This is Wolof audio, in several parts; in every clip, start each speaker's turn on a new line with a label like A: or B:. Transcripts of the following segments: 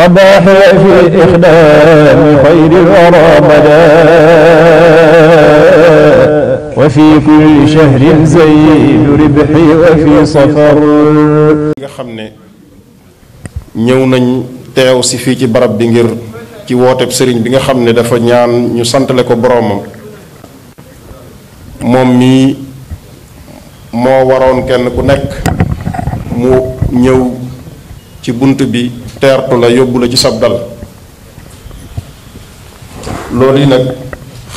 A: وضاحي في إخدام خير الورى بدا وفي كل شهر زيد ربحي وفي سفر nga xam ne ñëw nañ teew si fii ci barab bi ngir ci wooteb sëriñ bi nga xam ne dafa ñaan ñu santale ko boroomam moom mii moo waroon kenn ku nekk mu ñëw ci bunt bi teertu la yóbbu la ci sab dal loolu yi nag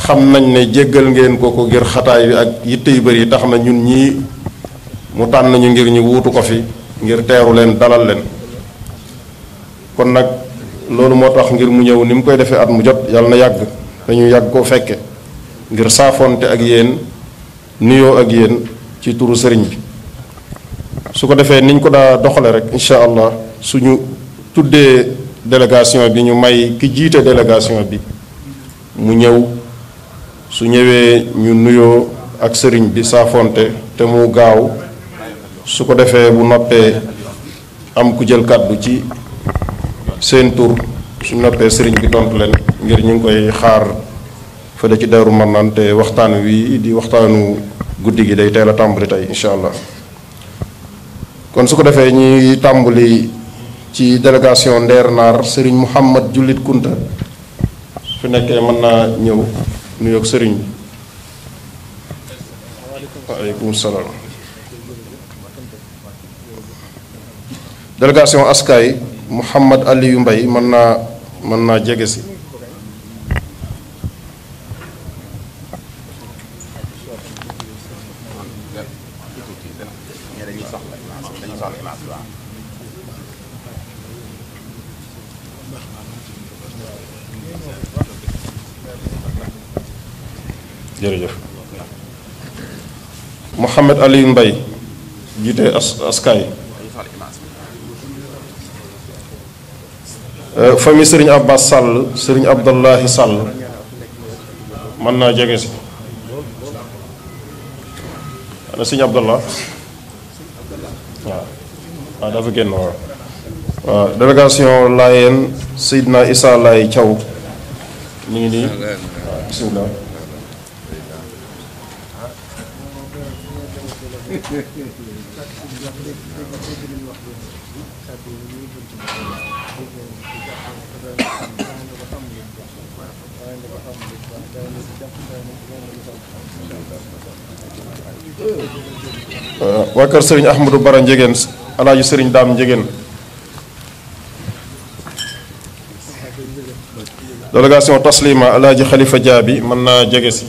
A: xam nañ ne jéggal ngeen ko ko ngir xataay bi ak yitte yu bëri tax na ñun ñii mu tànn ñu ngir ñu wuutu ko fi ngir teeru leen dalal leen kon nag loolu moo tax ngir mu ñëw ni mu koy defee at mu jot yàlla na yàgg dañu yàgg koo fekke ngir saafoonte ak yéen nuyoo ak yéen ci turu sëriñ bi su ko defee niñ ko daa doxale rek incha allah suñu tuddee délégation bi ñu may ki jiite délégation bi mu ñëw su ñëwee ñu nuyoo ak sëriñ bi saafonte te mu gaaw su ko defee bu noppee am ku jël kàddu ci seen tur su noppee sëriñ bi tontu leen ngir ñu ngi koy xaar fële ci Daaru Marnaan te waxtaan wi di waxtaanu guddi gi day teel a tàmbali tey incha allah kon su ko defee ñuy tàmbali. ci délégation Nder sëriñ Serigne Mouhamad Jullit Kunta fi nekkee mën naa ñëw nuyoog Serigne bi waaleykum salaam délégation askay Mouhamad yu Mbay mën naa mën naa jege si Mouhamed Aliou Mbaye jiite as askaay euh, famille Serigne Abbas Sall Serigne Abdallahi Sall mën naa jege si ana Serigne Abdallah waaw waaw ah, dafa génn waaw waaw délégation Laayeen Seydina Issa Laay Thiaw ñu ngi nii Euh, waa kër Serigne Ahmadou Bara Ndiéguène alaaji Serigne Daam Ndiéguène délégation taslima alaaji Khalifa Jaabi mën naa jege si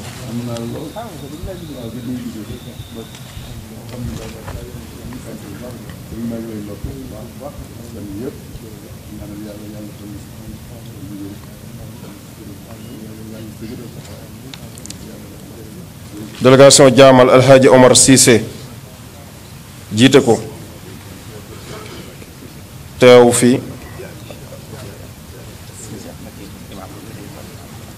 A: délégation jaamal alxaaji Omar Cissé jiite ko teew fi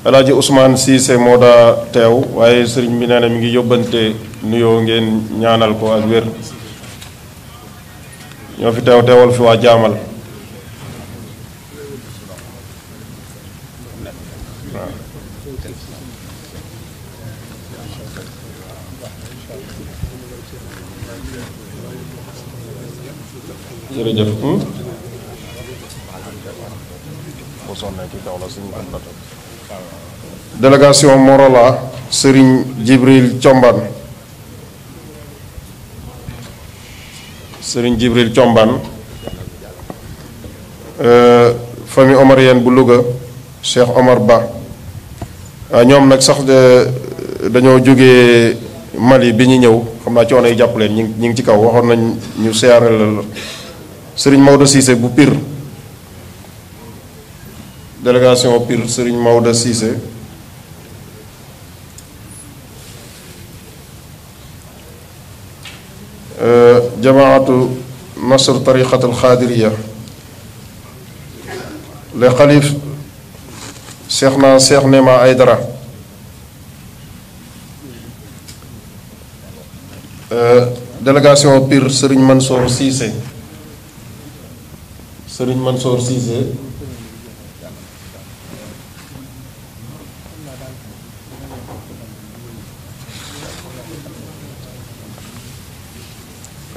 A: alxaaji Ousmane Cissé moo daa teew waaye sëriñ bi nee na mi ngi yóbbante nuyoo ngeen ñaanal ko ak wér ñoo fi teew teewal fi waa jaamal jërëjëf. délégation Morola Serigne Jibril Thiombane Serigne Jibril Thiombane euh, famille omarienne bu luga Cheikh Omar Ba euh, ñoom nag sax dañoo jógee Mali bi ñu ñëw xam naa coono yi jàpp leen ñu ngi ci kaw waxoon nañ ñu siyaare sëriñ Maodo Cissé bu Pire délégation Pire sëriñ Maodo Cissé euh, jamaatu nasr tariqat al xaadiriya le xalif seex naa seex nema ay dara euh, délégation Pire sëriñ Mansour Cissé Serigne Mansour Cissé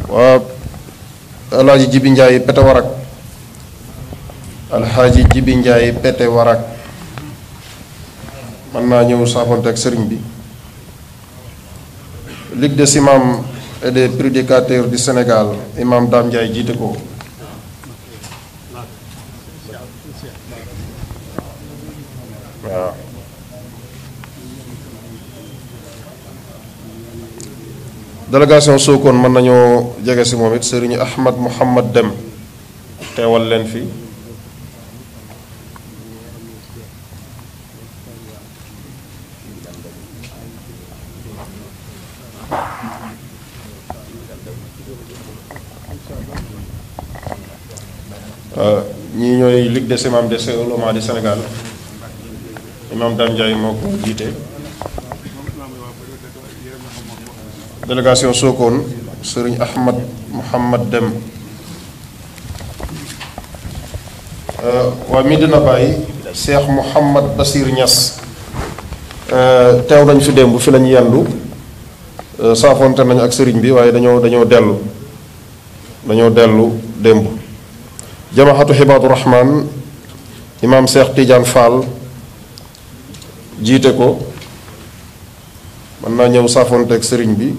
A: waaw alxaaji jibi njaay pete warak alxaaji jibi pete warak mën naa ñëw saafonte ak sëriñ bi ligue des imams et des prédicateurs Sénégal imam Dame Ndiaye jiite ko délégation Sokone mën nañoo jege si moom it sëriñ Ahmad Mouhamad Dem teewal leen fii euh, ñii ñooy Ligue des imams des oulémas du Sénégal imam Dame moo ko jiite délégation Sokone sëriñ Ahmad Mouhamad Dem euh, waa Medina Baye Cheikh Mouhamad Basir Niass euh, teew nañ fi démb fi lañ yendu euh, saafonte nañ ak sëriñ bi waaye dañoo dañoo dellu dañoo dellu démb jamaxatu xibaatu rahmaan imaam seex Tidiane Fall jiite ko mën naa ñëw saafonte ak sëriñ bi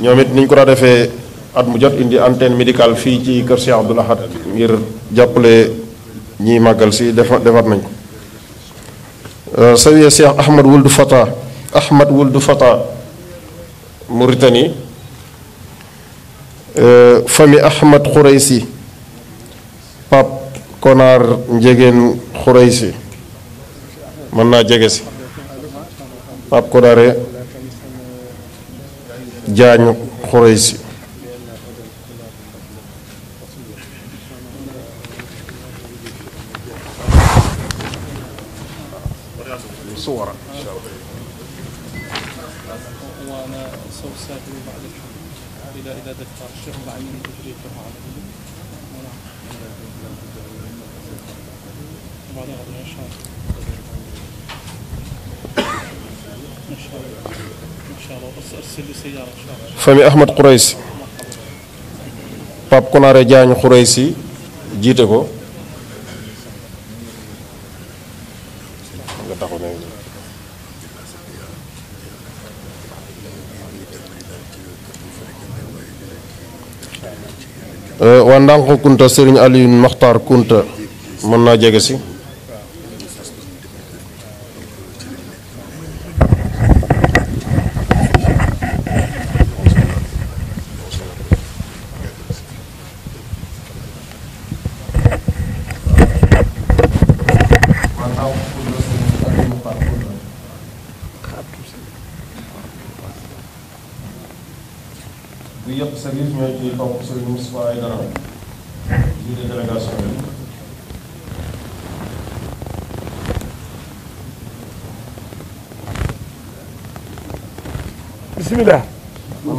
A: ñoom it niñ ko daa defee at mu jot indi antenne médical fii ci kër Cheikh Abdoul Ahad ngir jàppale ñiy màggal si defa defaat nañ ko euh, sawiya Cheikh Ahmad Wuld Fata Ahmad Wuld Fata Mauritanie euh, famille Ahmad Khouraysi Pape Konar Njegeen Khouraysi mën naa jege si
B: Pape Konare
A: jaañ xuraysi famille Ahmad Khouraysi Pape Konaare Diagne Khouraysi jiite ko euh, waa Ndànk Kunta Serigne Alioune Makhtar Kunta mën naa jege si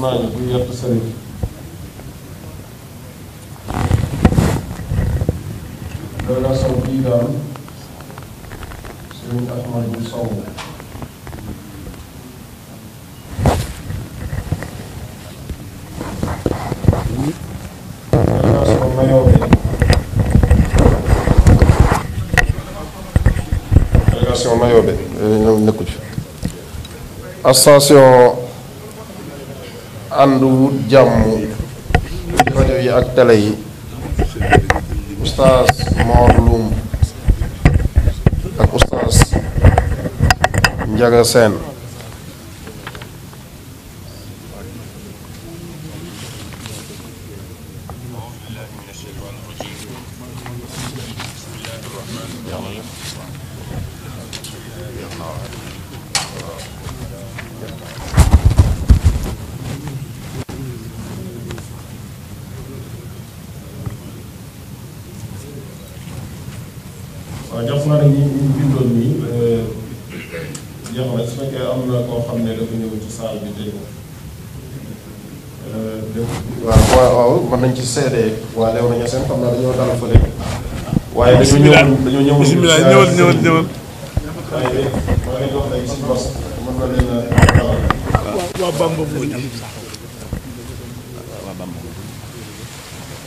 C: salfaañi buy yett
B: sëriñ bii daal sëriñ Ahmad bu Sow
A: délégation Mayobe délégation Mayobe nekkul fi station ànd wut jàmm rajo yi ak télé yi oustaz Mor ak oustaz
B: Ndiaga Sène
A: bisimilah ñëwal ñëwal ñëwal. waa Bamba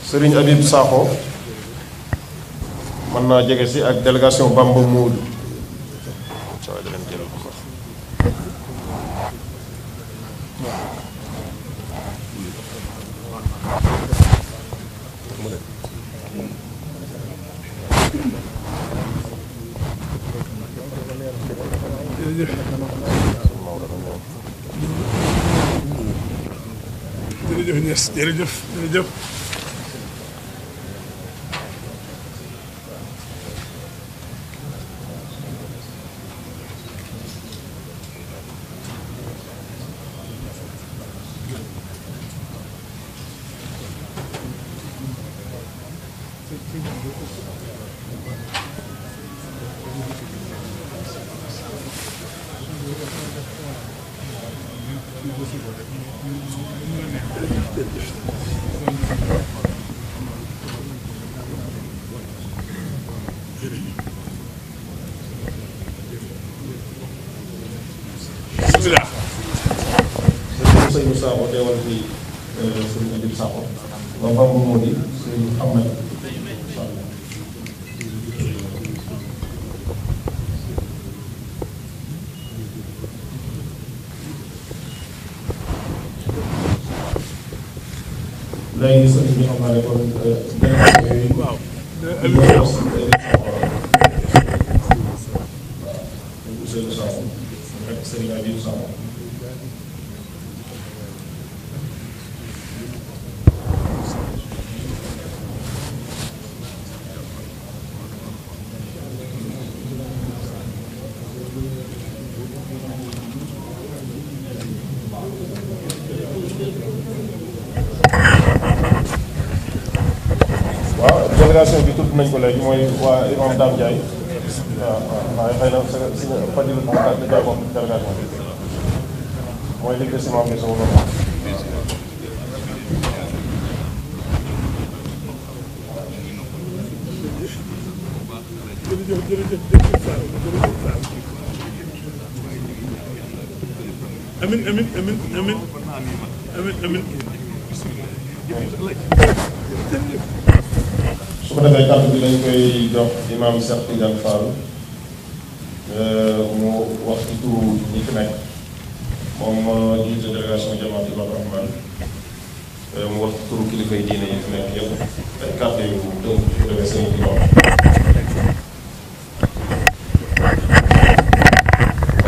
A: Serigne Habib Sakho mën naa jege si ak délégation Bamba Moodu.
B: jërëjëf jërëjëf.
A: Seydou euh, Sakho teewal fi
C: Serigne Adil Sakho ba Babou Mody Serigne Ahmed
A: léegi sëriñ bi xam naa ne kon euh, tudd nañ ko léegi mooy waa imam Dame Ndiaye waaw waaw waaye xëy na sa si Fadil am na da jàppoon délégation bi mooy liggéey si maam bi sama loolu jërëjëf jërëjëf amin amin amin amin amin amin su ko defee kàddu bi dañ koy jox imaam Cheikh Tidiane Fall euh, mu wax turu ñi fi nekk moom jiite délégation jamaat yi Rahman euh, mu wax turu kilifa yi yi fi nekk yëpp ay kàddu yu tënk su ko defee sëñ bi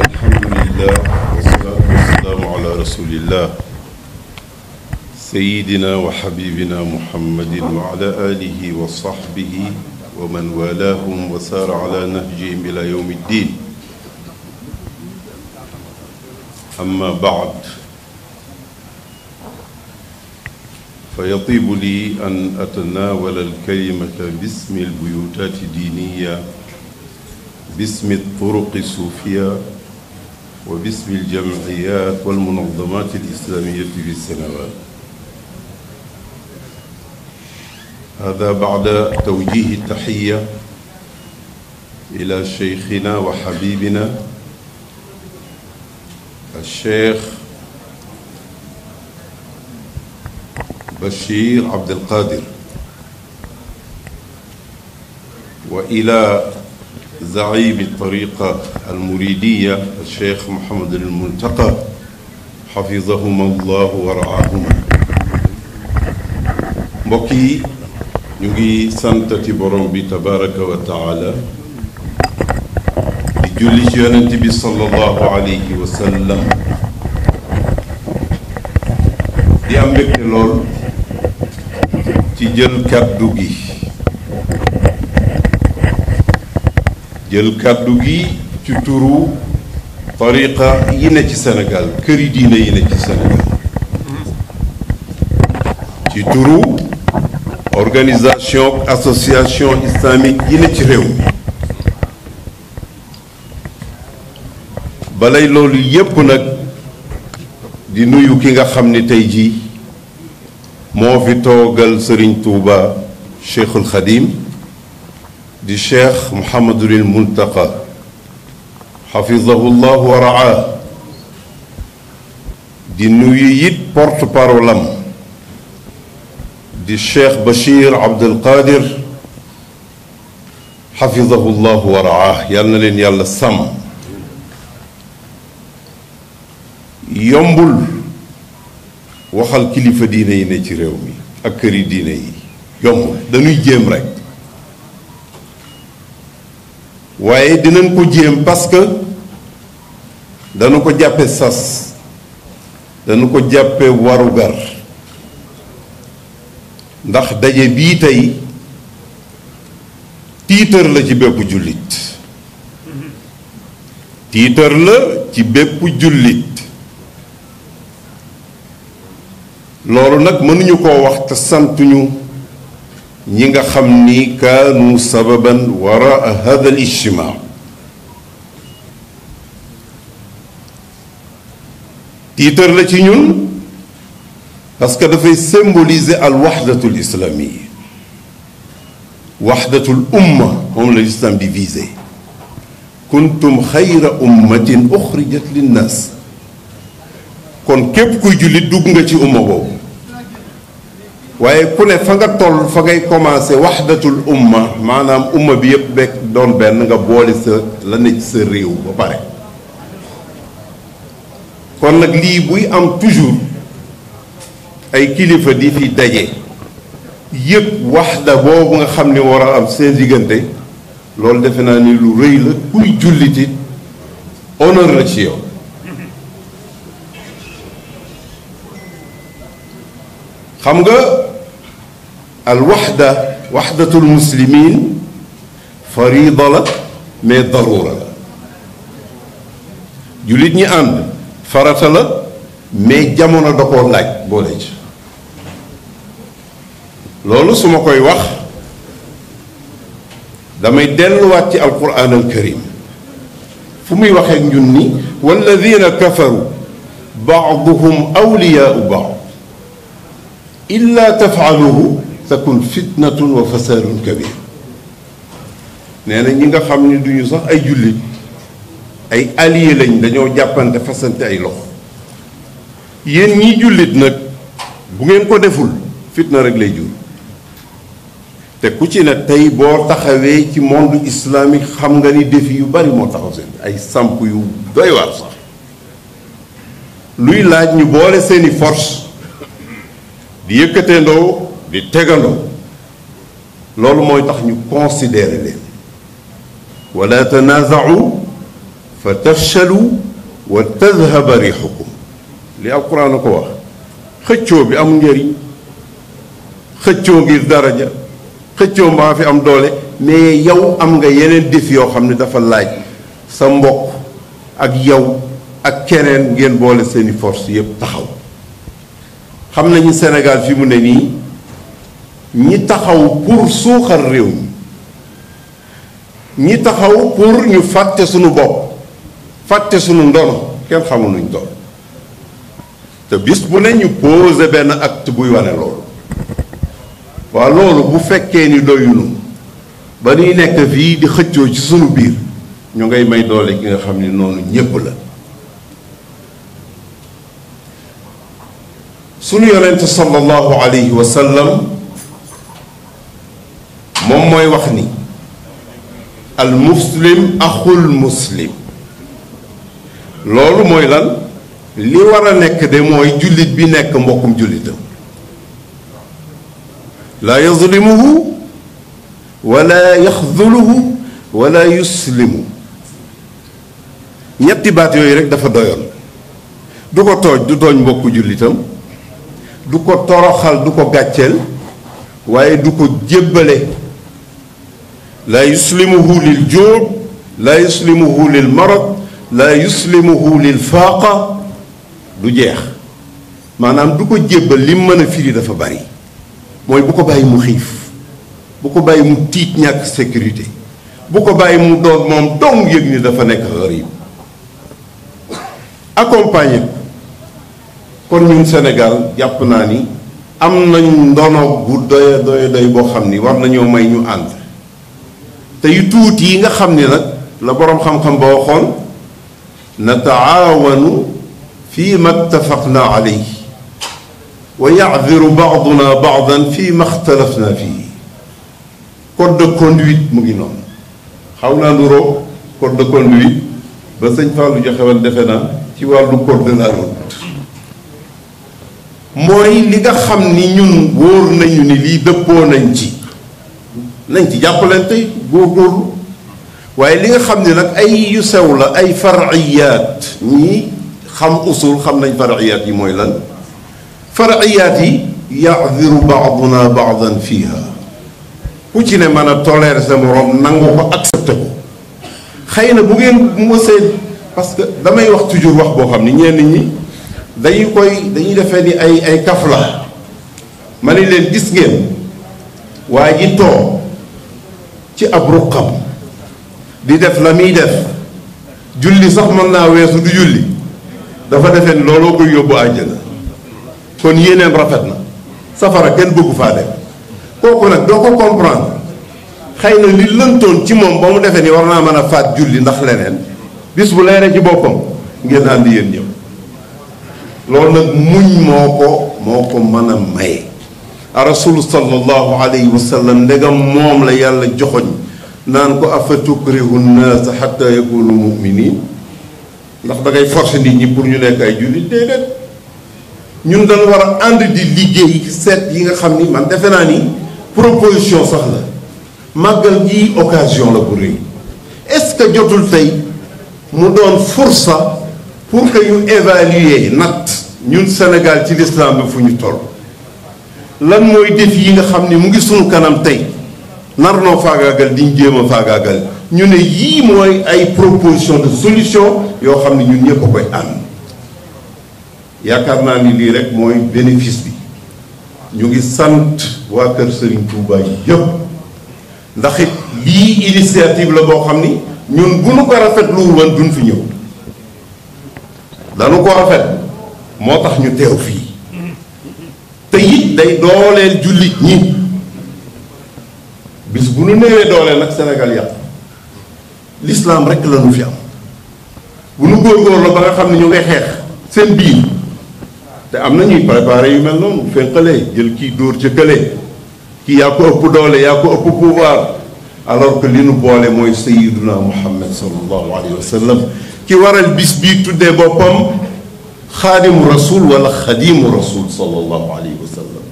C: alhamdulillah wasalaatu wasalaamu ala rasulillah sayidina wa xabibina muhammadin wa ala alihi wa saxbihi wa man walaahum wa saara ala nahjihim ila yawmi ddin amma baad فيطيب لي أن أتناول الكلمة باسم البيوتات الدينية باسم الطرق الصوفية وباسم الجمعيات والمنظمات الإسلامية في السنوات هذا بعد توجيه التحية إلى شيخنا وحبيبنا الشيخ بشير عبد القادر وإلى زعيم الطريقة المريدية الشيخ محمد المنتقى حفظهما الله ورعاهما mbokk yi ñu ngi santati borom bi tabaraka wa taala di julli ci yonent bi sallallahu alayhi wa di am mbégte lool ci jël kàddu gi jël kàddu gi ci turu tariqa yi ne ci Sénégal këri diine yi ne ci Sénégal ci turu organisation association islamique yi ne ci réew balay loolu yépp nag di nuyu ki nga xam ni tey jii moo fi toogal Serigne Touba Cheikhul Khadim di Cheikh Mouhamadul Muntaqa xafizahullah wa raa di nuyu it porte parole di cheikh Bachir Abdul Qadir xafidahu llahu wa raah na leen yàlla sàmm yombul waxal kilifa diine yi ne ci réew mi ak këri diine yi yombul dañuy jéem rek waaye dinañ ko jéem parce que dana ko jàppe sas danu ko jàppe warugar ndax daje bii tey tiitër la ci bépp jullit tiitër la ci bépp jullit loolu nag mënuñu koo wax te santuñu ñi nga xam ni kaanu sababan waraa hada al ijtimaa tiitër la ci ñun parce que dafay symboliser al waxdatul islamiyya waxdatul umma moom la l'islam di visé kuntum xayra ummatin uxrijat linnaas kon képp kuy jullit dugg nga ci umma boobu waaye ku ne fa nga toll fa ngay commencé waxdatul umma maanaam umma bi yëpp bekk doon benn nga boole sa la ne sa réew ba pare kon nag lii buy am toujours ay kilifa di fi daje yëpp waxda boobu nga xam ni war a am seen diggante loolu defe naa ni lu rëy la kuy jullitit honneur la ci yow xam nga al waxda waxdatul muslimin farida la mais daruura la jullit ñi ànd farata la mais jamono da laaj boole ci loolu su ma koy wax damay delluwaat ci alquran al karim fu muy waxee ñun ni walladina kafaru baaduhum awliyaau baad illa tafaaluhu takun fitnatun wa fasaadun kabir nee na ñi nga xam ni duñu sax ay jullit ay allié lañ dañoo jàppante fasante ay loxo yéen ñi jullit nag bu ngeen ko deful fitna rek lay jur te ku ci ne tey boo taxawee ci monde islamique xam nga ni défi yu bari moo taxaw seen ay samp yu doy waar sax luy laaj ñu boole seeni force di yëkkateendoo di tegandoo loolu mooy tax ñu considérer leen wala tanaaza'u fa tafshalu wa tadhaba rixukum li alquran a ko wax xëccoo bi amul njëriñ xëccoo ngir daraja xëccoo maa fi am doole mais yow am nga yeneen défi yoo xam ne dafa laaj sa mbokk ak yow ak keneen ngeen boole seeni force yépp taxaw xam nañu Sénégal fi mu ne nii ñi taxaw pour suuxal réew mi ñi taxaw pour ñu fàtte sunu bopp fàtte sunu ndono kenn xamul nuñ doon te bis bu ne ñu posé benn acte buy wane loolu waa loolu bu fekkee ni doyunu ba nuy nekk fii di xëccoo ci sunu biir ñu ngay may doole ki nga xam ni noonu ñépp la sunu yonent sallallahu alayhi wa moom mooy wax ni al muslim axul muslim loolu mooy lan li war a nekk de mooy jullit bi nekk mbokkum jullitam laa yazlimuhu walla yaxduluhu wala yuslimu ñetti baat yooyu rek dafa doyoon du ko tooj du tooñ mbokku jullitam du ko toroxal du ko gàcceel waaye du ko jébbale laa yuslimuhu lil jóob laa yuslimuhu lil marad laa yuslimuhu lil faaqa du jeex maanaam du ko jébbal li mën a firi dafa bari mooy bu ko bàyyi mu xiif bu ko bàyyi mu tiit ñàkk sécurité bu ko bàyyi mu doon moom dong yëg ni dafa nekk xarib accompagner kon ñun senegal jàpp naa ni am nañ ndono bu doya doya boo xam ni war nañoo may ñu ànd te yu tuuti yi nga xam ni nag la boroom xam-xam ba waxoon nataawanu fii ma ittafaqna alayhi wa yaadiru baaduna baadan fii ma xtalafna fii code de conduite mu ngi noonu xaw naa nuroo code de conduite ba sëñ defe naa ci wàllu code de la route li nga xam ni ñun wóor nañu ni lii dëppoo nañ ci nañ ci jàppalante góorgóorlu waaye li nga xam ni nag ay yu la ay fariyaat ñi xam xam nañ fariyaat yi mooy lan fara'iyaat yi ya'diru ba'duna ba'dan fiha ku ci ne mën a tolère sa morom nangu ko accepté ko xëy na bu ngeen mosee parce que damay wax toujours wax boo xam ne ñenn ñi dañu koy dañuy defe ni ay ay kaf la ma ne leen gis ngeen waaye ji toog ci ab ruqam di def la muy def julli sax mën naa weesu du julli dafa defeen looloo koy yóbbu àjjana kon yéeneem rafet na safara kenn bëggu faa dem kooku nag doo ko comprendre xëy na li lëntoon ci moom ba mu defee ni war naa mën a faat julli ndax leneen bis bu leeree ci boppam ngeen ànd yéen ñëw loolu nag muñ moo ko moo ko mën a maye a rasulu sallallahu alayhi wa sallam moom la yàlla joxoñ naan ko afa tukrihu nnaasa xatta yakunu muminin ndax da ngay nit ñi pour ñu nekk ay jullit déedéet ñun dañu war a ànd di liggéey seet yi nga xam ni man defe naa ni proposition sax la màggal gi occasion la bu rëy est-ce que jotul tey mu doon fursa pour que ñu évaluer nat ñun Sénégal ci l'islam bi fu ñu toll lan mooy défi yi nga xam ni mu ngi suñu kanam tey nar noo faagaagal di jéem a faagaagal ñu ne yii mooy ay proposition de solution yoo xam ne ñun ñëpp a koy ànd yaakaar naa ni lii rek mooy bénéfice bi ñu ngi sant waa kër Serigne Touba yëpp ndax lii initiative la boo xam ni ñun bu nu ko rafetluwul woon duñ fi ñëw dañu ko rafet moo tax ñu teew fii tey it day dooleel jullit ñi bis bu nu néewee dooleel nag Sénégal yàq l'islam rek la nu fi am bu nu góorgóorlu ba nga xam ne ñu ngay xeex seen biir. te am na ñuy préparé yu mel noonu fénqale jël kii dóor ca kële kii yaa ko ëpp doole yaa ko ëpp pouvoir alors que li nu boole mooy sayiduna muhammad sallallahu alayhi wa sallam ki waral bis bii tuddee boppam xaadimu rasul wala xadimu rasul sallallahu alayhi wa sallam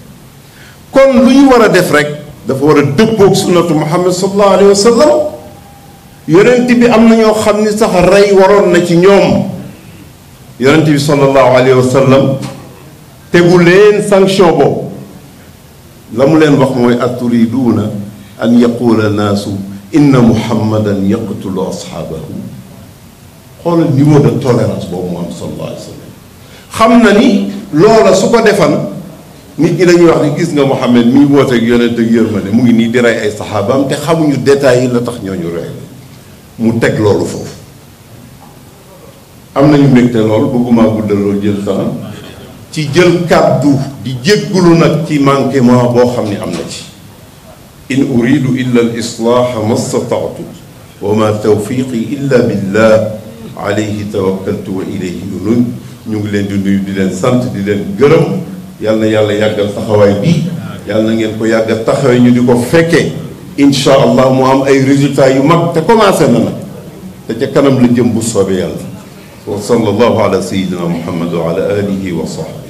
C: kon lu ñu war a def rek dafa war a dëppoog sunnatu muhammad sallallahu alayhi wa sallam yonent bi am na ñoo xam ni sax rey waroon na ci ñoom yonent bi sallallahu alayhi wa sallam tegu leen sanction boobu la mu leen wax mooy aturiduuna an yaqula naasu inna muhammadan yaqtulu ashaabahu xoolal niveau de tolérance boobu mu am sallallahu alayhi wa sallam xam na ni loola su ko defan nit ñi dañuy wax ni gis nga Muhammad mi ngi wooteeg yonent ak yërmande mu ngi nii di rey ay saxaabaam te xamuñu détails yi la tax ñooñu rey mu teg loolu foofu am nañu mbégte loolu bëgguma guddal loolu jël temps ci jël kàddu di jéggulu nag ci manquement boo xam ne am na ci in uridu illa al islaaha ma stataatu wa ma tawfiqi illa billah alayhi tawakkaltu wa ilayhi unub ñu ngi leen di nuyu di leen sant di leen gërëm yal na yàlla yàggal taxawaay bi yàlla na ngeen ko yàggal taxawee ñu di ko fekkee incha allah mu am ay résultats yu mag te commencé na nag te ca kanam la jëm bu soobee yàlla wa sallallahu ala sayyidina muhammad wa ala alihi wa sahbihi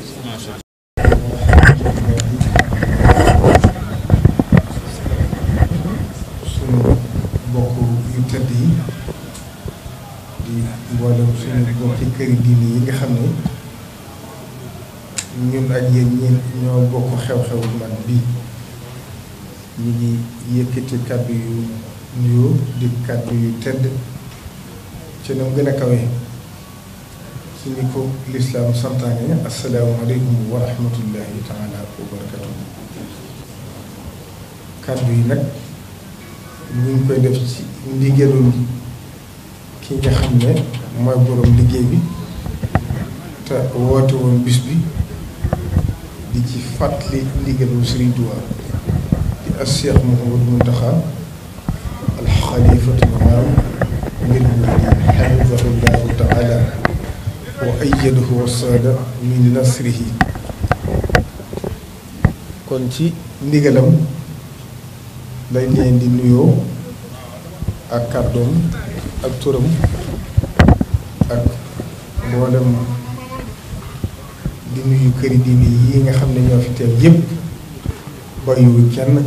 B: mboolem suñu ci këri diine yi nga xam ni ñun ak yéen ñeen ñoo bokk xew-xew bu mag ñu ngi yëkkati kàddu yu nuyoo di kàddu yu tedd ci ñoom gën a kawe suñu ko lislaam santaane asalaamaaleykum wa rahmatullahi taala wa barakatuh kàddu yi nag ñu ngi koy def ci ndigalul ki nga xam ne mooy boroom liggéey bi te woote woon bis bi di ci fàttali ndigalu Serigne Touba di as Cheikh Mouhamadou Mountakha al xalifatul aam ngir mu xafidahullahu taala wa ayyadahu wa saada min nasrihi kon ci ndigalam lañ leen di nuyoo ak kàddoom ak turam ak mboolem di nuyu këri diine yi nga xam ne ñoo fi teew yépp bàyyiwu kenn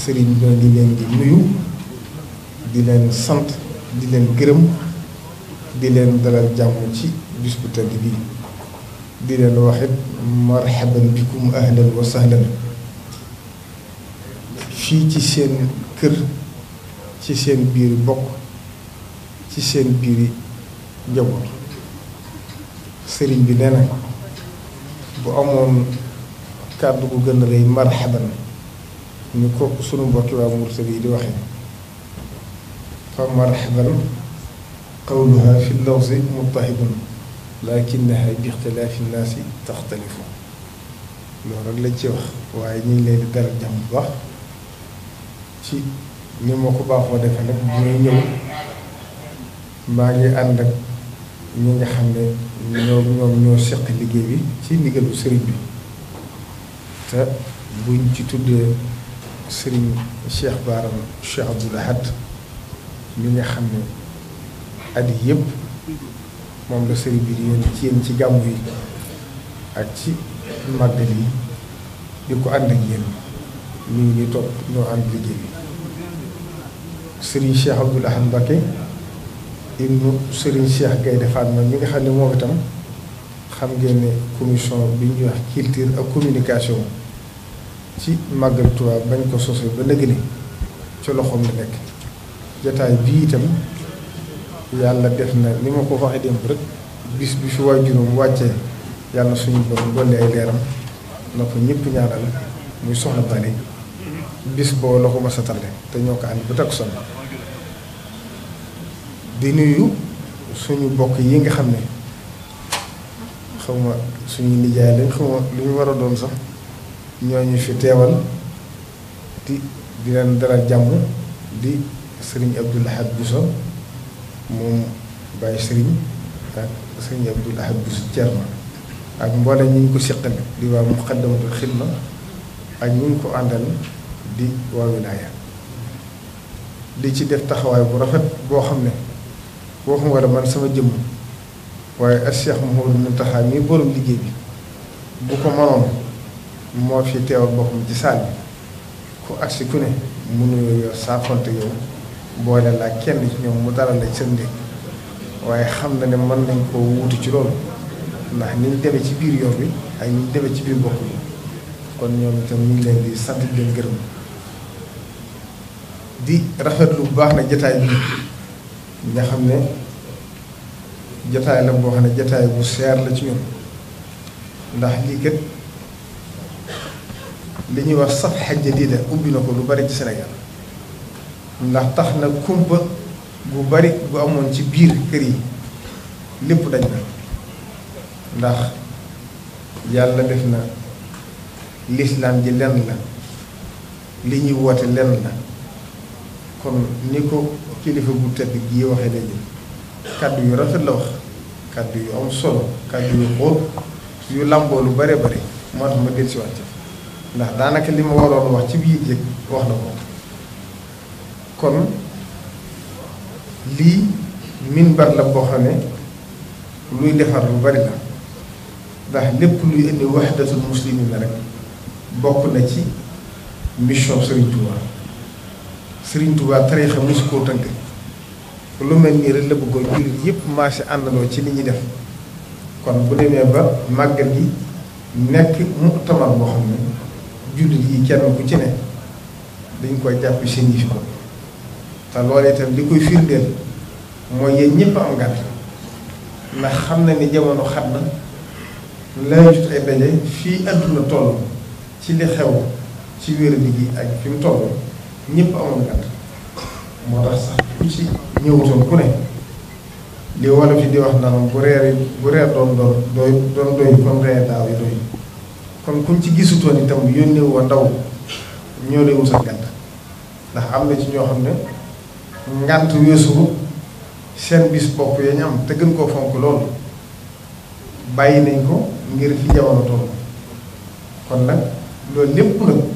B: sëriñ bi di leen di nuyu di leen sant di leen gërëm di leen dalal jàmm ci bis bu bii di leen waxit marhaban bikum ahlan wa fii ci seen kër ci seen biir bokk ci seen biiri njaboot sëriñ bi nee na bu amoon kàddu ku gën a rëy marhaban ñu ko sunu mbokki waa Mauritanie yi di waxee fa marhaban qawluha fi lawsi muttahidun lakinnaha bi ixtilaafi nnaasi taxtalifu loolu rek lañ ci wax waaye ñu ngi leen di dara jàmm bu ci ni ma ko baaxoo defee nag bu ñuy ñëw maa ngi ànd ak ñi nga xam ne ñoo ñoom ñoo seq liggéey bi ci ndigalu sëriñ bi te buñ ci tuddee sëriñ Cheikh Baaram Cheikh Abdoul Ahad mi nga xam ne at yi moom la sëriñ bi di yéen ci yéen gàmmu yi ak ci màggal yi di ko ànd ak yéen ñu ngi topp ñoo ànd liggéey bi sëriñ Cheikh Abdoul Ahad Mbacké ibnu Serigne Cheikh Gaynde Fatma mi nga xam ne moom itam xam ngeen ne commission bi ñuy wax culture ak communication ci màggal Tuubaa bañ ko sosee ba nëgg ni ci loxoom la nekk jataay bii itam yàlla def na ni ma ko waxee démb rek bis bi fi waajuram wàccee yàlla suñu borom dolli ay leeram na ko ñëpp ñaanal muy soxla bari bis boo loxo ma sa tàlle te ñoo ko ànd bu takk sonn di nuyu suñu bokk yi nga xam ne xaw ma suñu nijaay lañ xaw ma lu war a doon sax ñooñu fi teewal di di leen dara jàmm di sëriñ Abdul Ahad Bousso moom bàyyi sëriñ ak sëriñ Abdul Ahad Bousso Thierno ak mboole ñu ngi ko siqal di waa Muqaddamatul Xidma ak ñu ngi ko àndal di waa wilaaya di ci def taxawaay bu rafet boo xam ne waxuma la man sama jëmm waaye as Cheikh Mouhamadou Mountakha mii borom liggéey bi bu ko mënoon moo fi teewal boppam ci saal bi ku agsi ku ne mu nuyoo yow saafonte yow boole laa kenn ñoom mu dara la seen néeg waaye xam na ne mën nañ koo wuutu ci loolu ndax ni ñu demee ci biir yoon bi ak ni ñu demee ci biir bokk bi kon ñoom itam ñu ngi leen di sant di leen gërëm di rafetlu bu baax na jataay bi. nga xam ne jataay la boo xam ne jataay bu seer la ci ñun ndax lii kat li ñuy wax safha jadida ubbi na ko lu bari ci senegal ndax tax na kumpa gu bari gu amoon ci biir kër yi lépp dañ na ndax yàlla def na lislaam ji lenn la li ñuy woote lenn la kon ni ko kilifa gu tedd gii waxee léegi kàddu yu rafet la wax kàddu yu am solo kàddu yu xóot yu làmboo lu bare bare moo tax ma del si wàcc ndax daanaka li ma waroon wax ci biir yëg wax na ko kon lii minbar la boo xam ne luy defar lu bari la ndax lépp luy indi wahdatul muslimin la rek bokk na ci mission Serigne Touba Serigne Touba tariixa musu koo tënk lu mel nii rek la ko jullit yëpp marché àndandoo ci li ñuy def kon bu demee ba màggal gi nekk muktamar boo xam ne jullit yi kenn bu ci dañ koy jàpp seen yëfi ko te loolee itam li koy firndeel mooy yéen ñëpp am gàtt ndax xam na ni jamono xat na lay jut ay daje fii àdduna toll ci li xew ci wér-gi ak fi mu toll. ñëpp amoon gàtt moo tax sax ku ci ñëwutoon ku ne li wolof yi di wax naan bu reer bu reer doon doon doy doon doy kon reer daaw yi doy kon kuñ ci gisutoon itam yónnee wa ndaw ñoo lay wutal gàtt ndax am na ci ñoo xam ne ngànt weesu seen bis bopp ya am te gën koo fonk loolu bàyyi nañ ko ngir fi jamono toll kon nag loolu lépp nag.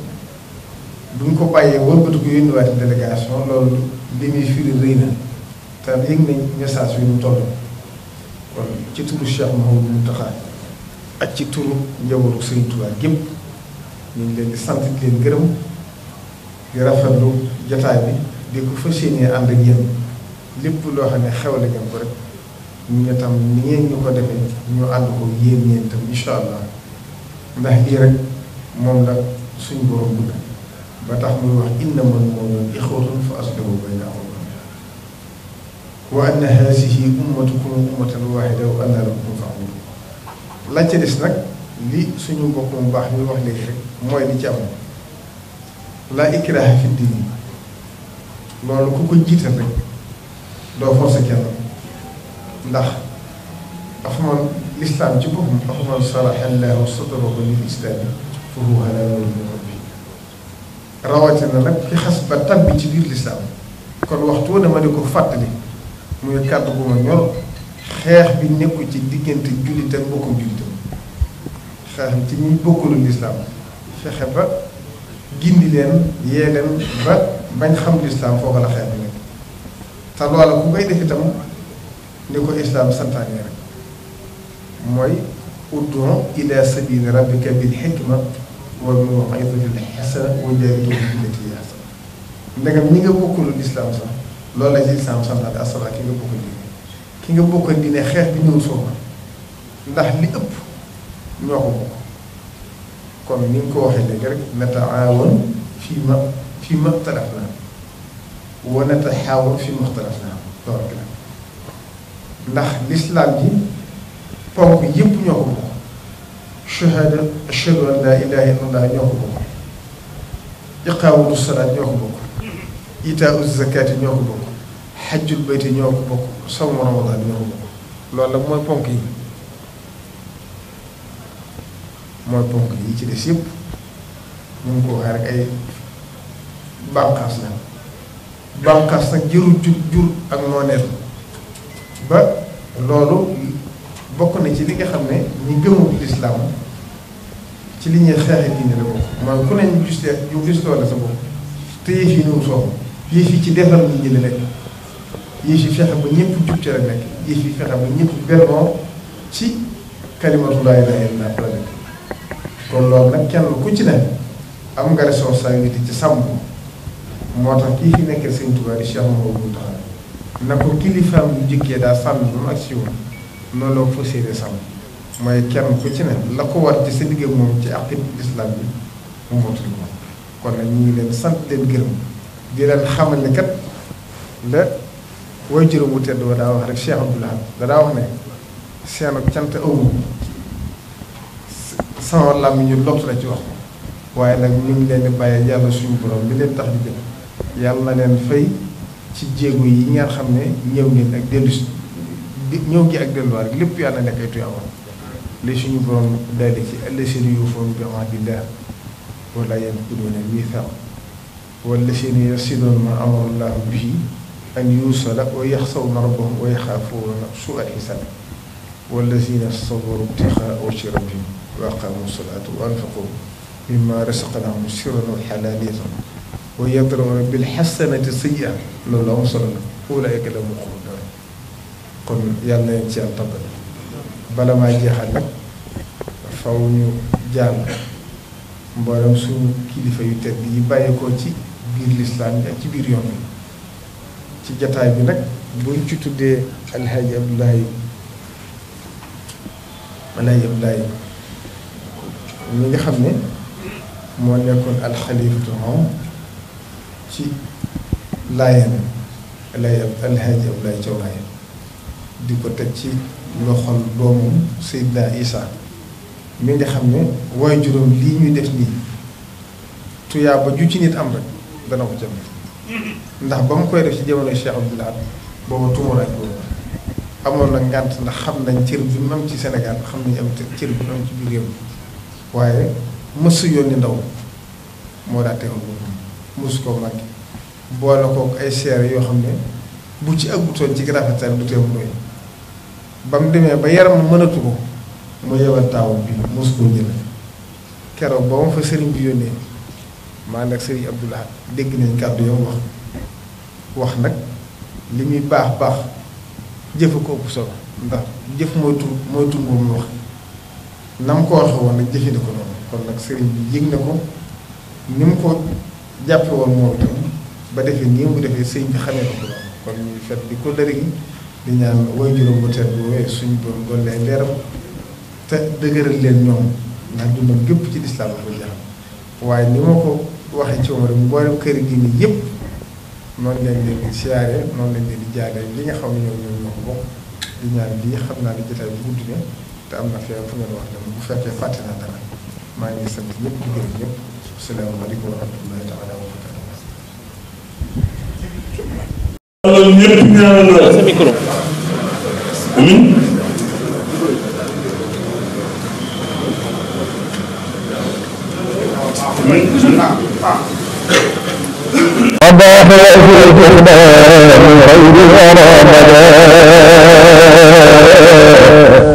B: bu ñu ko bàyyee wëlbatu ko yónniwaat délégation loolu li muy firi rëy na te yëg nañ message yu ñu toll ci turu Cheikh Mouhamadou Mountakha ak ci turu njabootu Serigne Touba gépp ñu ngi leen di sant di leen gërëm di rafetlu jataay bi di ko fas yéenee ànd ak yéen lépp loo xam ne xewle ngeen ko rek ñu tam ni ñu ko defee ñu ànd ko yéen ñeen tam incha allah ndax lii rek moom la suñu borom bëgg. ba tax muy wax innamal mu'minuuna ixwatun fa aslihu bayna axawaykum wa anna haasihi ummatukum ummatan la ca nag li suñu mbokk baax mi wax léegi rek mooy li ci am laa ikraha fi diin loolu ku ko jiital rek doo forcer kenn ndax dafa man lislaam ci boppam dafa man saraha allahu sadrahu lil islaami fa huwa halaalun rawatina nag ki xas ba tàbbi ci biir lislaam kon waxtu dama ne ko fàttali muy kàddu bu ma ñor xeex bi nekkul ci diggante jullit ak bokkum jullitam xeex bi ci ñuy bokkulu lislaam fexe ba gindi leen yee leen ba bañ xam lislaam foo ko la xeex bi nekk te loola ku koy def itam ni ko islaam santaane rek mooy ud'u ila sabili rabbika bil hikma wala mu wax ay rajo de xasara wala jaay doon julliti yi xasara ndegam ñi nga bokkul lislaam sax loolu la lislaam sax ki nga bokkal xeex bi ñëw soo ndax li ëpp ñoo ko bokk kon ni nga ko waxee léegi rek nataawoon fii ma fii ma talaf naa wa nataawoon fii ma talaf naa ndax lislaam ji ponk yëpp ñoo ko bokk. shahaada ashhadu an laa ilaaha illallah ñoo ko bokk iqaamu ñoo ko bokk itaau zakaati ñoo ko bokk xajjul bayti ñoo ko bokk sawmu ñoo ko loolu la mooy ponk yi mooy ponk yi ci des yëpp ñu ngi ko waxee ay bànqaas la bànqaas nag jëru jur jur ak nooneel ba loolu bokk na ci li nga xam ne ñi gëmul lislaam ci li ñuy xeexee diine la bokk maanaam ku ne ñu gis ñu gistoo la sa bopp te yëf yi ñoom soow yëf yi ci def nit ñi la nekk yëf yi fexe ba ñëpp jub ci la nekk yëf yi fexe ba ñëpp bennoo ci kalimatu laa ilaaha illallaah la nekk kon loolu nag kenn ku ci ne am nga responsabilité ci sàmm moo tax kii fi nekkee Sëñ Tuubaa di Cheikh Mouhamadou Mountakha na ko kilifaam yu jëkkee daa sàmm ba mu ak si woon noonu la ko fas sàmm mooy kenn ku ci ne la ko war ci sa liggéey moom ci àqib islam bi mu motul moom kon nag ñu ngi leen sant leen gërëm di leen xamal ne kat la way juróom wu tedd wa daa wax rek Cheikh Abdoulaye dadaa wax ne seenu cant awmu sama làmm ñu lott la ci wax waaye nag ñu ngi leen di bàyyee yàlla suñu borom bi leen tax di jëm yàlla na leen fay ci jéego yi ngeen xam ne ñëw ngeen ak dellu si ñëw gi ak delluwaat lépp yàlla nekk ay tuyaawam li suñu borom daal di ci allazina yuufuuna bi ahdillaah wala yanquduuna al-miithaaq wallazina yasiluuna maa amara llaahu bihi an yuusala wa yaxshawna rabbahum wa yaxaafuuna suu'a al-hisaab wallazina sabaruu ibtigaa'a wajhi rabbihim wa aqaamuu salaata wa anfaquu mimmaa razaqnaahum sirran wa xalaaniyatan wa yadruuna bil xasanati sayyi'ata loolu am solo la ulaa'ika lahumul xuluud kon yàlla na leen ci yàlla tàbbal bala maa jeexal nag faw ñu jàll mboolem suñu kilifa yu tedd yi bàyyeekoo ci biir lislaam bi ci biir yoon bi ci jataay bi nag buñ ci tuddee alxaaji abdullahi alxaaji abdullahi nga xam ne moo nekkoon alxalifatu moom ci laayam alxaaji abdullahi caw di ko teg ci loxol doomam Seydina Isa mi nga xam ne waaye juróom li ñuy def nii tuyaaba ju ci nit am rek dana ko jëm ndax ba mu koy def ci jamono Cheikh Abdoul Ahad booba na ngànt ndax xam nañ cër bi am ci Sénégal xam nañ am cër bi ci biir réew mi waaye mësu yónni ndaw moo daa teewal boobu mësu koo màgg boole kook ay seere yoo xam ne bu ci ëggutoon ci rafetal du teew doy ba mu demee ba yaram mënatu ko mu yebal taawam bi mosu koo jënd keroog ba ma fa sëriñ bi yónnee maa nag sëriñ Abdou dégg nañ kàddu yow wax wax nag li muy baax baax jëfa ko ëpp solo ndax jëf mooy tur mooy tur boobu wax na mu ko waxe woon nag jëfe na ko noonu kon nag sëriñ bi yëg na ko ni mu ko jàppe woon moom itam ba defee nii mu defee sëriñ bi xamee na kon ñuy fet di ko dëri gi di ñaan way juróom bu tedd woowee suñu borom doole leeram te dëgëral leen ñoom ndax dundam gépp ci lislaam ko jaxam waaye ni ma ko waxee ci Omar mboolem kër gi nii yëpp noonu lañ leen di siyaare noonu leen di jaaree li nga xam ne di ñaan lii xam naa ne jotaay bu gudd ne te am na fee fu ngeen wax ne bu fekkee fàtte naa dara maa ngi sant ñëpp di gërëm ñëpp salaamaaleykum sa micro. أضاف
A: إليه الإقبال غير الأرى مدى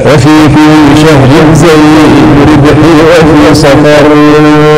B: وفي في شهر زين ربحي وفي سفر